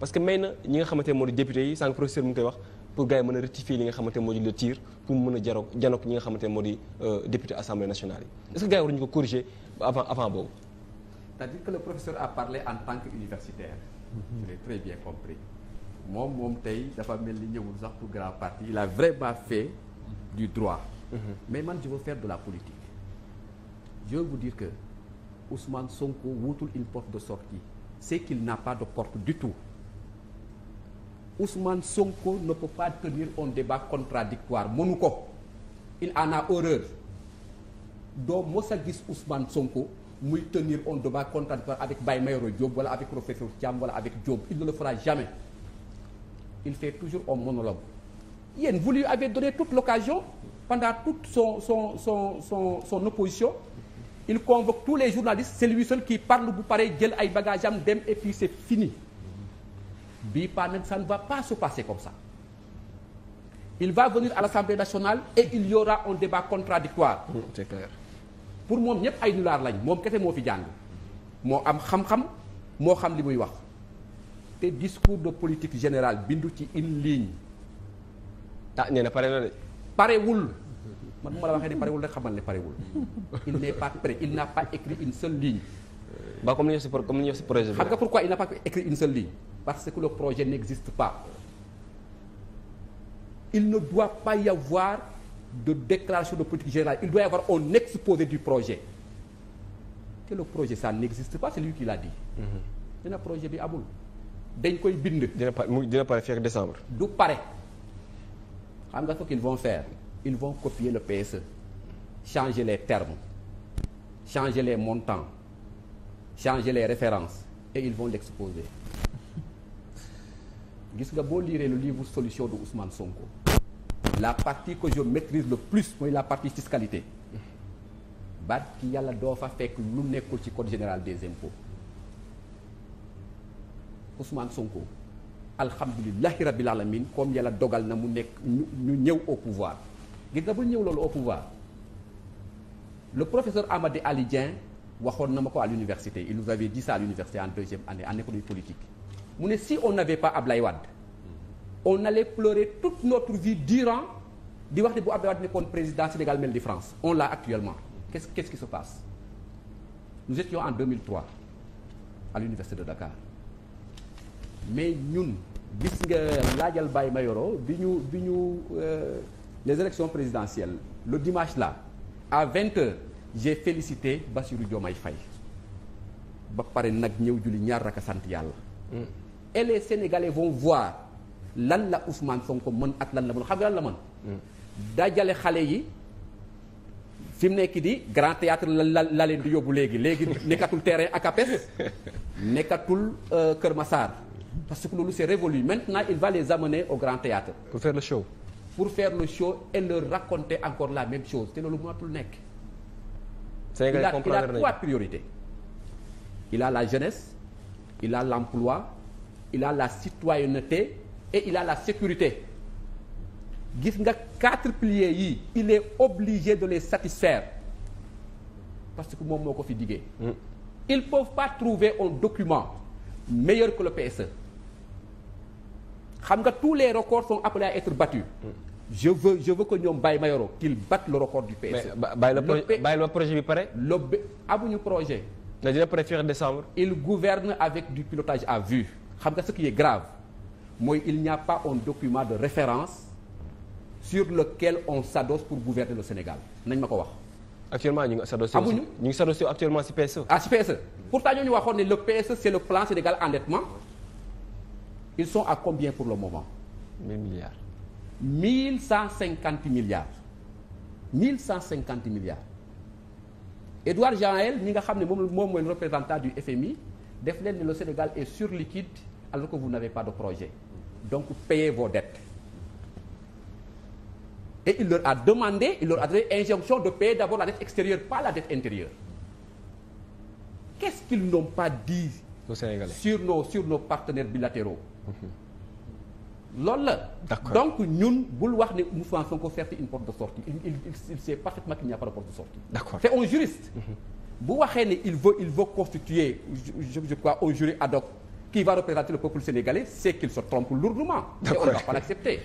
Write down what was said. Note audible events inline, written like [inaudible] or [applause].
parce que may na ñi nga xamante moo di député yi sànq professeur mu ngi koy wax pour gars yi mën a rectifier li nga xamante moo di le tir pour mu mën a jarok janok ñi nga xamante moo di euh, député assemblée nationale yi est que gars yi waruñu ko corriger avant avant boobu c'est-à-dire que le professeur a parlé en tant qu'universitaire mhm. je moom moom tey dafa mel ni ñëwul sax pour grand parti il a vraiment fait du droit mhm. mais man je fair de la politique je veux vous dire que Ousmane Sonko wutul une porte de sortie c'est qu'il n'a pas de tout Ousmane Sonko ne peut pas tenir un débat contradictoire mënu ko il en a horreur doo mos a gis Ousmane Sonko muy tenir un débat contradictoire avec Baye Mayoro Diop wala avec professeur Thiam wala avec Diop il ne le fera jamais il fait toujours un monologue yéen vous lui avez donné toute l'occasion pendant toute son son son opposition il convoque tous les journalistes c'est lui seul bu pare jël ay bagages am dem et fini bii pas nag ça ne va pas se passer comme ça il va venir à l'Assemblée nationale et il y un débat contradictoire mm, pour moom ñëpp ay nulaar lañ moom kese moo fi jàng moo am xam-xam moo xam li muy wax te discours de politique générale bindu ci une ligne ah nee na pare na de parewul man bu ma la waxee ne parewul rek xamal ne parewul il n'est pas prêt il n'a pas écrit une seule ligne ba comme li ñu si projet xam nga pourquoi il n'a pas écrit une seule ligne parce que le projet n'existe pas il ne doit pas y avoir de déclaration de politique générale il doit y avoir exposé du projet te le projet ça n'existe pas c'est lui qui l'a dit mm-hmm. dina projet bi amul dañ koy bind dina pare fii ak décembre du pare xam nga ce qu'ils vont faire ils vont copier le PSE changer les termes changer les montants changer les références et ils vont l'exposer gis nga boo liiree le livre solution de Ousmane Sonko la partie que je maîtrise le plus mooy la partie fiscalité baat ki yàlla doo fa fekk lu nekkul ci code général des impôts Ousmane Sonko alhamdulilahi rabil alamin comme yàlla dogal na mu nekk ñu ñëw au pouvoir gis nga bu ñëw loolu au pouvoir le professeur Amady Ali Dieng waxoon na ma ko à l'université il nous avait dit ça à l'université en deuxième année en économie politique mu ne si on n'avait pas Ablaye Wade on allait pleurer toute notre vie durant di wax ne bu Ablaye Wade nekkoon président Sénégal mel ni France on l'a actuellement qu'est-ce qu'est-ce qui se passe nous étions en 2003 à l'université de Dakar mais ñun gis nga laajal Baye Mayoro bi ñu bi ñu euh, les élections présidentielles le dimanche la à 20 heures j'ai félicité Bassirou Diomaye fay ba pare nag ñëw julli ñaar raka sant yàlla mm. et les sénégalais vont voir lan la Ousmane Sonko mën ak lan la mën xam nga lan la mën. Hmm. dajale xale yi fi mu nekk di grand théâtre la la la leen di yóbbu léegi léegi nekkatul terrain ak APES [laughs] nekkatul euh, Kër Massar parce que loolu c'est révolu maintenant il va les amener au grand théâtre. pour faire le show. pour faire le show et leur raconter encore la même chose te loolu mënatul nekk. Sénégalais comprendre nañu il a il a trois priorités. il a la jeunesse il a l'emploi il a la citoyenneté et il a la sécurité gis nga quatre piliers yi il est obligé de les satisfaire parce que moom moo ko fi diggee mm. ils peuvent pas trouver un document meilleur que le PSE xam nga tous les records sont appelés à être battus mm. je veux je veux que ñoom Baye Mayoro qu'il batte le record du PSE bàyyi la projet bi pare le amuñu projet dina pare décembre il gouverne avec du pilotage à vue xam nga ce qui est grave mooy il n'y a pas un document de référence sur lequel on s'adosse pour gouverner le Sénégal nañ ma ko wax. actuellement ñu ngi s'adosse. amuñu ñu ngi s'adosse actuellement ci PSE. ah ci PSE pourtant ñu waxoon ne le PSE c'est le plan Sénégal endettement ils sont à combien pour le moment. 1000 milliards. 1150 milliards. 1150 milliards. Edouard Jean-El ñi nga xam ne moom moom mooy représentant du FMI def leen ne le Sénégal est surliquide alors que vous n'avez pas de projet donc payez vos dettes et il leur a demandé il leur a donné injonction de payer d'abord la dette extérieure pas la dette intérieure qu'est-ce qu'ils n'ont pas dit sur nos sur nos partenaires bilatéraux mhm. loolu la donc ñun bul wax ne Ousmane Sonko certes une porte de sortie il, il, il sait parfaitement qu'il n'y a pas de porte de sortie c'est un juriste mhm. bu waxee ne il veut il veut constituer je, je, je crois un jury ad hoc qui va représenter le peuple sénégalais, c'est qu'il se trompe lourdement. Et on ne va pas l'accepter.